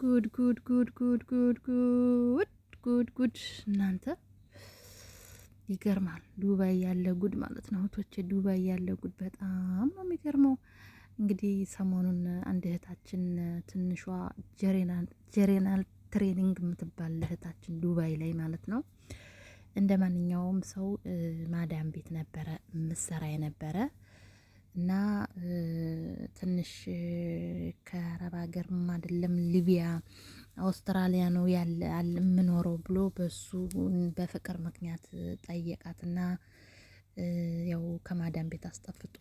ጉድ ጉድ ጉድ ጉድ ጉድ ጉድ ጉድ ጉድ እናንተ ይገርማል። ዱባይ ያለ ጉድ ማለት ነው እህቶቼ፣ ዱባይ ያለ ጉድ በጣም ነው የሚገርመው። እንግዲህ ሰሞኑን አንድ እህታችን ትንሿ ጀሬናል ትሬኒንግ የምትባል እህታችን ዱባይ ላይ ማለት ነው እንደ ማንኛውም ሰው ማዳም ቤት ነበረ ምሰራ የነበረ እና ትንሽ ከአረብ ሀገርም አይደለም ሊቢያ አውስትራሊያ ነው ያለ የምኖረው ብሎ በሱ በፍቅር ምክንያት ጠየቃትና ያው ከማዳም ቤት አስጠፍጦ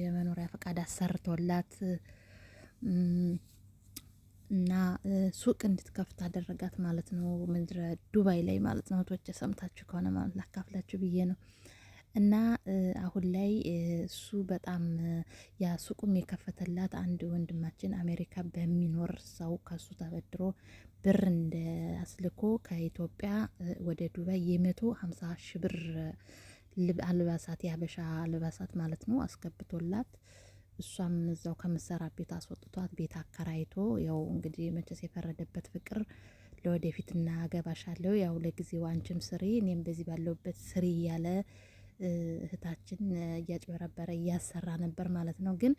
የመኖሪያ ፈቃድ አሰርቶላት እና ሱቅ እንድትከፍት አደረጋት ማለት ነው። ምድረ ዱባይ ላይ ማለት ነው። ቶች ሰምታችሁ ከሆነ ማለት ላካፍላችሁ ብዬ ነው። እና አሁን ላይ እሱ በጣም ያ ሱቁም የከፈተላት አንድ ወንድማችን አሜሪካ በሚኖር ሰው ከሱ ተበድሮ ብር እንደ አስልኮ ከኢትዮጵያ ወደ ዱባይ የመቶ ሀምሳ ሺ ብር አልባሳት የሀበሻ አልባሳት ማለት ነው አስገብቶላት እሷም እዛው ከምሰራ ቤት አስወጥቷት ቤት አከራይቶ ያው እንግዲህ መቼስ የፈረደበት ፍቅር ለወደፊት እናገባሻለሁ ያው ለጊዜው አንቺም ስሪ እኔም በዚህ ባለሁበት ስሪ እያለ እህታችን እያጭበረበረ እያሰራ ነበር ማለት ነው። ግን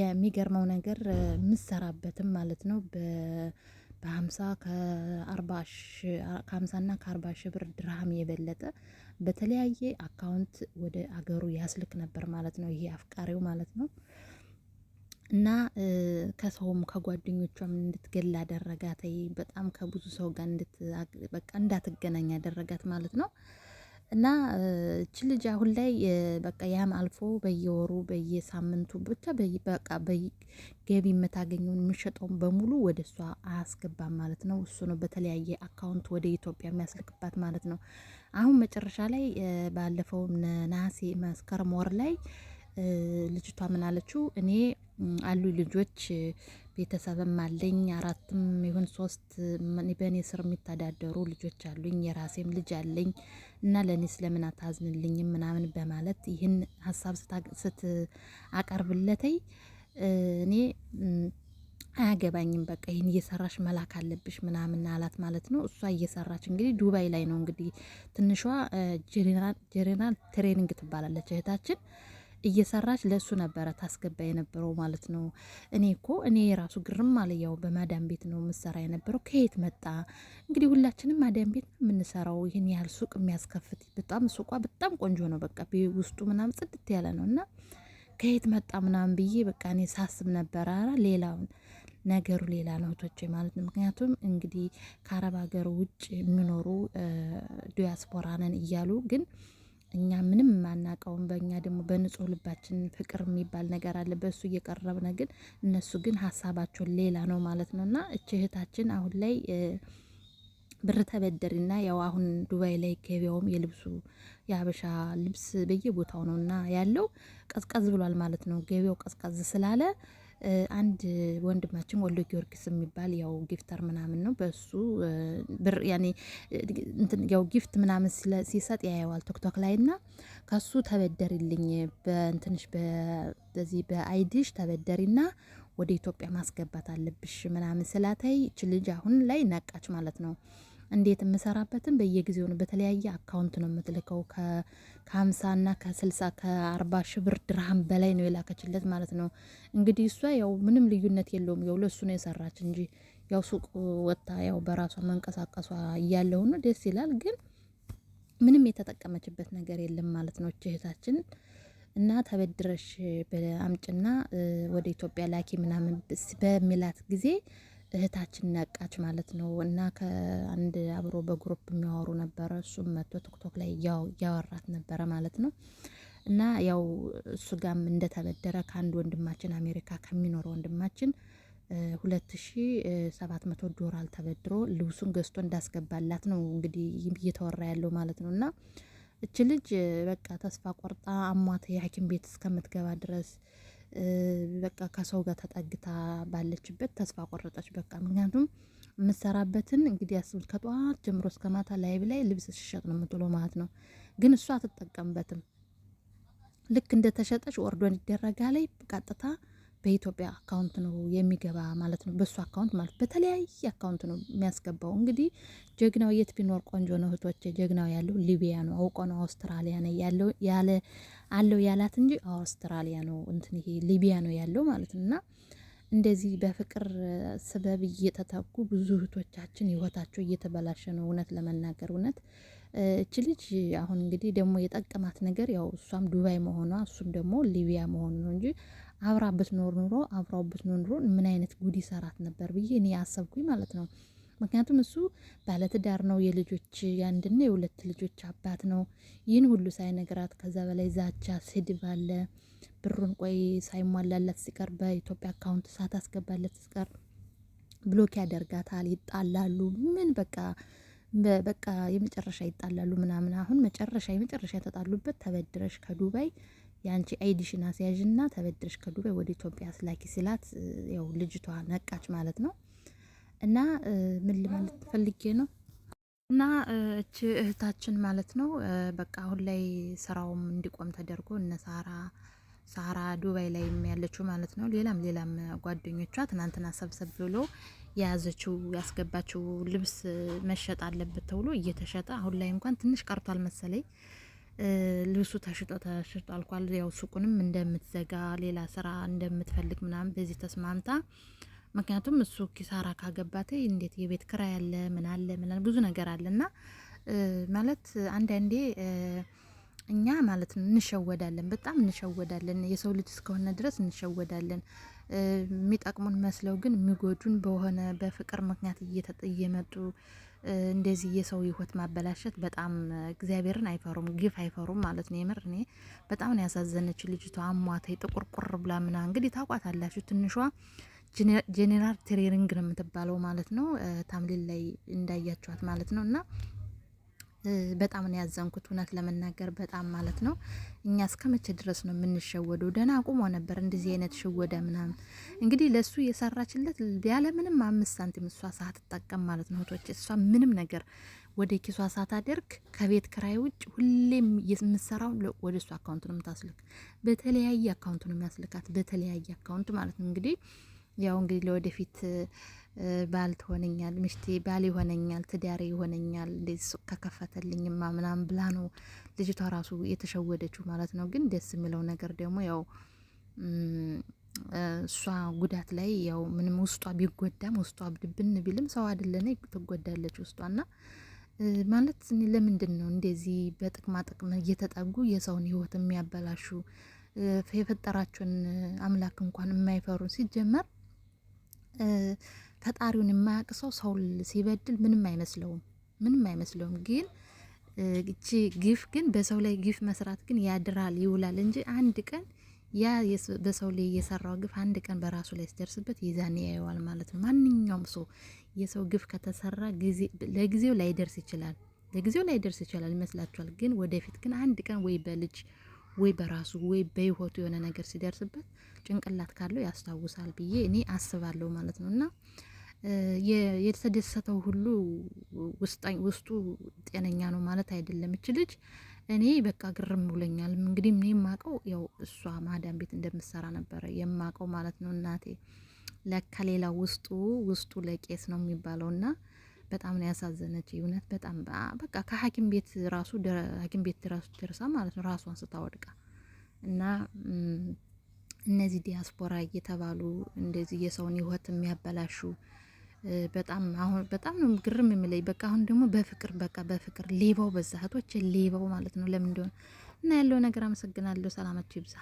የሚገርመው ነገር የምሰራበትም ማለት ነው በሀምሳ ከሀምሳና ከአርባ ሺ ብር ድርሃም የበለጠ በተለያየ አካውንት ወደ አገሩ ያስልክ ነበር ማለት ነው። ይሄ አፍቃሪው ማለት ነው። እና ከሰውም ከጓደኞቿም እንድትገላ አደረጋት። በጣም ከብዙ ሰው ጋር በቃ እንዳትገናኝ አደረጋት ማለት ነው። እና እቺ ልጅ አሁን ላይ በቃ ያም አልፎ በየወሩ በየሳምንቱ ብቻ በቃ በገቢ የምታገኘውን የምሸጠውን በሙሉ ወደ እሷ አያስገባም ማለት ነው። እሱ ነው በተለያየ አካውንት ወደ ኢትዮጵያ የሚያስልክባት ማለት ነው። አሁን መጨረሻ ላይ ባለፈው ነሐሴ መስከረም ወር ላይ ልጅቷ ምን አለችው እኔ አሉ ልጆች ቤተሰብም አለኝ። አራትም ይሁን ሶስት በእኔ ስር የሚተዳደሩ ልጆች አሉኝ የራሴም ልጅ አለኝ እና ለእኔ ስለምን አታዝንልኝም ምናምን በማለት ይህን ሀሳብ ስታቀርብለተኝ እኔ አያገባኝም በቃ ይህን እየሰራሽ መላክ አለብሽ ምናምን አላት ማለት ነው። እሷ እየሰራች እንግዲህ ዱባይ ላይ ነው እንግዲህ ትንሿ ጀሪናል ትሬኒንግ ትባላለች እህታችን እየሰራች ለእሱ ነበረ ታስገባ የነበረው ማለት ነው። እኔ እኮ እኔ የራሱ ግርም ያው በማዳም ቤት ነው የምሰራ የነበረው ከየት መጣ እንግዲህ። ሁላችንም ማዳም ቤት ነው የምንሰራው። ይህን ያህል ሱቅ የሚያስከፍት በጣም ሱቋ በጣም ቆንጆ ነው። በቃ ውስጡ ምናምን ጽድት ያለ ነው እና ከየት መጣ ምናምን ብዬ በቃ እኔ ሳስብ ነበረ። ሌላውን ነገሩ ሌላ ነው እህቶቼ ማለት ነው። ምክንያቱም እንግዲህ ከአረብ ሀገር ውጭ የሚኖሩ ዲያስፖራ ነን እያሉ ግን እኛ ምንም የማናውቀውም በእኛ ደግሞ በንጹህ ልባችን ፍቅር የሚባል ነገር አለ። በእሱ እየቀረብነ ግን እነሱ ግን ሀሳባቸው ሌላ ነው ማለት ነው። እና እች እህታችን አሁን ላይ ብር ተበደሪና ያው አሁን ዱባይ ላይ ገቢያውም የልብሱ የሀበሻ ልብስ በየቦታው ነው እና ያለው ቀዝቀዝ ብሏል ማለት ነው። ገበያው ቀዝቀዝ ስላለ አንድ ወንድማችን ወሎ ጊዮርጊስ የሚባል ያው ጊፍተር ምናምን ነው። በሱ ብር ያኔ ያው ጊፍት ምናምን ሲሰጥ ያየዋል ቶክቶክ ላይ እና ከሱ ተበደሪልኝ በእንትንሽ በዚህ በአይዲሽ ተበደሪና ወደ ኢትዮጵያ ማስገባት አለብሽ ምናምን ስላታይ ይች ልጅ አሁን ላይ ነቃች ማለት ነው። እንዴት የምሰራበትን በየጊዜው ነው። በተለያየ አካውንት ነው የምትልከው። ና ከስልሳ ከአርባ ሺ ብር ድርሃም በላይ ነው የላከችለት ማለት ነው። እንግዲህ እሷ ያው ምንም ልዩነት የለውም። ያው ለእሱ ነው የሰራች እንጂ ያው ሱቅ ወጥታ ያው በራሷ መንቀሳቀሷ እያለ ሆኖ ደስ ይላል፣ ግን ምንም የተጠቀመችበት ነገር የለም ማለት ነው። እች እህታችን እና ተበድረሽ በአምጭና ወደ ኢትዮጵያ ላኪ ምናምን በሚላት ጊዜ እህታችን ነቃች ማለት ነው። እና ከአንድ አብሮ በግሩፕ የሚያወሩ ነበረ። እሱም መቶ ቲክቶክ ላይ እያወራት ነበረ ማለት ነው። እና ያው እሱ ጋም እንደተበደረ ከአንድ ወንድማችን አሜሪካ ከሚኖረ ወንድማችን ሁለት ሺ ሰባት መቶ ዶላር ተበድሮ ልብሱን ገዝቶ እንዳስገባላት ነው እንግዲህ እየተወራ ያለው ማለት ነው። እና እች ልጅ በቃ ተስፋ ቆርጣ አሟት የሐኪም ቤት እስከምትገባ ድረስ በቃ ከሰው ጋር ተጠግታ ባለችበት ተስፋ ቆረጠች። በቃ ምክንያቱም የምትሰራበትን እንግዲህ ያስቡት። ከጠዋት ጀምሮ እስከ ማታ ላይብ ላይ ልብስ ሲሸጥ ነው የምትውለው ማለት ነው። ግን እሷ አትጠቀምበትም። ልክ እንደተሸጠች ወርዶን ይደረጋ ላይ ቀጥታ በኢትዮጵያ አካውንት ነው የሚገባ ማለት ነው። በሱ አካውንት ማለት በተለያየ አካውንት ነው የሚያስገባው። እንግዲህ ጀግናው የት ቢኖር ቆንጆ ነው እህቶች ጀግናው ያለው ሊቢያ ነው። አውቆ ነው አውስትራሊያ ነው ያለው ያለ አለው ያላት እንጂ አውስትራሊያ ነው እንትን ይሄ ሊቢያ ነው ያለው ማለት ነው። እና እንደዚህ በፍቅር ስበብ እየተተኩ ብዙ እህቶቻችን ህይወታቸው እየተበላሸ ነው እውነት ለመናገር እውነት እች ልጅ አሁን እንግዲህ ደግሞ የጠቀማት ነገር ያው እሷም ዱባይ መሆኗ እሱም ደግሞ ሊቢያ መሆኑ ነው እንጂ አብራ ብትኖር ኑሮ አብራው ብትኖር ኑሮ ምን አይነት ጉድ ይሰራት ነበር ብዬ እኔ አሰብኩኝ ማለት ነው። ምክንያቱም እሱ ባለትዳር ነው፣ የልጆች የአንድና የሁለት ልጆች አባት ነው። ይህን ሁሉ ሳይነግራት ከዛ በላይ ዛቻ፣ ስድብ አለ። ብሩን ቆይ ሳይሟላላት ሲቀር በኢትዮጵያ አካውንት ሳታስገባለት ሲቀር ብሎክ ያደርጋታል። ይጣላሉ። ምን በቃ በቃ የመጨረሻ ይጣላሉ ምናምን። አሁን መጨረሻ የመጨረሻ የተጣሉበት ተበድረሽ ከዱባይ የአንቺ አይዲሽን ና ተበድረሽ ከዱባይ ወደ ኢትዮጵያ አስላኪ ስላት ያው ልጅቷ ነቃች ማለት ነው። እና ምን ለማለት ፈልጌ ነው እና እች እህታችን ማለት ነው በቃ አሁን ላይ ስራውም እንዲቆም ተደርጎ እነ ሳራ ሳራ ዱባይ ላይ ያለችው ማለት ነው። ሌላም ሌላም ጓደኞቿ ትናንትና ሰብሰብ ብሎ የያዘችው ያስገባችው ልብስ መሸጥ አለበት ተብሎ እየተሸጠ አሁን ላይ እንኳን ትንሽ ቀርቷል መሰለኝ ልብሱ ተሽጦ ተሽጦ አልኳል። ያው ሱቁንም እንደምትዘጋ ሌላ ስራ እንደምትፈልግ ምናምን በዚህ ተስማምታ ምክንያቱም እሱ ኪሳራ ካገባት እንዴት የቤት ክራይ አለ ምን አለ ምን ብዙ ነገር አለና ማለት አንዳንዴ እኛ ማለት ነው እንሸወዳለን፣ በጣም እንሸወዳለን። የሰው ልጅ እስከሆነ ድረስ እንሸወዳለን። የሚጠቅሙን መስለው ግን የሚጎዱን በሆነ በፍቅር ምክንያት እየመጡ እንደዚህ የሰው ህይወት ማበላሸት በጣም እግዚአብሔርን አይፈሩም፣ ግፍ አይፈሩም ማለት ነው። የምር እኔ በጣም ነው ያሳዘነች ልጅቷ። አሟተ ጥቁር ብላ ምና እንግዲህ አላችሁ ትንሿ ጄኔራል ትሬኒንግ ነው የምትባለው ማለት ነው። ታምሊል ላይ እንዳያችኋት ማለት ነው እና በጣም ነው ያዘንኩት፣ እውነት ለመናገር በጣም ማለት ነው። እኛ እስከ መቼ ድረስ ነው የምንሸወደው? ደህና ቁሞ ነበር እንደዚህ አይነት ሽወደ ምናምን። እንግዲህ ለእሱ የሰራችለት ያለ ምንም አምስት ሳንቲም እሷ ሳትጠቀም ማለት ነው እህቶች፣ እሷ ምንም ነገር ወደ ኪሷ ሳታደርግ ከቤት ክራይ ውጭ ሁሌም የምትሰራው ወደ እሱ አካውንት ነው የምታስልክ። በተለያየ አካውንት ነው የሚያስልካት፣ በተለያየ አካውንት ማለት ነው እንግዲህ ያው እንግዲህ ለወደፊት ባል ትሆነኛል ምሽቴ ባል ይሆነኛል ትዳሬ ይሆነኛል እንደዚህ ሱቅ ተከፈተልኝማ ምናምን ብላ ነው ልጅቷ ራሱ የተሸወደችው ማለት ነው። ግን ደስ የሚለው ነገር ደግሞ ያው እሷ ጉዳት ላይ ያው ምንም ውስጧ ቢጎዳም ውስጧ ብድብን ቢልም ሰው አይደለነ ትጎዳለች ውስጧ እና ማለት ለምንድን ነው እንደዚህ በጥቅማ ጥቅም እየተጠጉ የሰውን ህይወት የሚያበላሹ የፈጠራቸውን አምላክ እንኳን የማይፈሩ ሲጀመር ፈጣሪውን የማያውቅ ሰው ሰው ሲበድል ምንም አይመስለውም፣ ምንም አይመስለውም። ግን እቺ ግፍ ግን በሰው ላይ ግፍ መስራት ግን ያድራል ይውላል እንጂ አንድ ቀን ያ በሰው ላይ እየሰራው ግፍ አንድ ቀን በራሱ ላይ ሲደርስበት ይዛን ያየዋል ማለት ነው። ማንኛውም ሰው የሰው ግፍ ከተሰራ ለጊዜው ላይደርስ ይችላል፣ ለጊዜው ላይደርስ ይችላል ይመስላችኋል። ግን ወደፊት ግን አንድ ቀን ወይ በልጅ ወይ በራሱ ወይ በህይወቱ የሆነ ነገር ሲደርስበት ጭንቅላት ካለው ያስታውሳል ብዬ እኔ አስባለሁ ማለት ነው። እና የተደሰተው ሁሉ ውስጡ ጤነኛ ነው ማለት አይደለም። እች ልጅ እኔ በቃ ግርም ብሎኛል። እንግዲህ እኔ የማቀው ያው እሷ ማዳን ቤት እንደምትሰራ ነበረ የማቀው ማለት ነው። እናቴ ለካ ሌላ ውስጡ ውስጡ ለቄስ ነው የሚባለው እና በጣም ነው ያሳዘነች። እውነት በጣም በቃ ከሐኪም ቤት ራሱ ሐኪም ቤት ራሱ ደርሳ ማለት ነው ራሷን ስታወድቃ እና እነዚህ ዲያስፖራ እየተባሉ እንደዚህ የሰውን ህይወት የሚያበላሹ በጣም አሁን በጣም ነው ግርም የምለይ። በቃ አሁን ደግሞ በፍቅር በቃ በፍቅር ሌባው በዛ እህቶች ሌባው ማለት ነው ለምን እንደሆነ እና ያለው ነገር አመሰግናለሁ። ሰላማችሁ ይብዛ።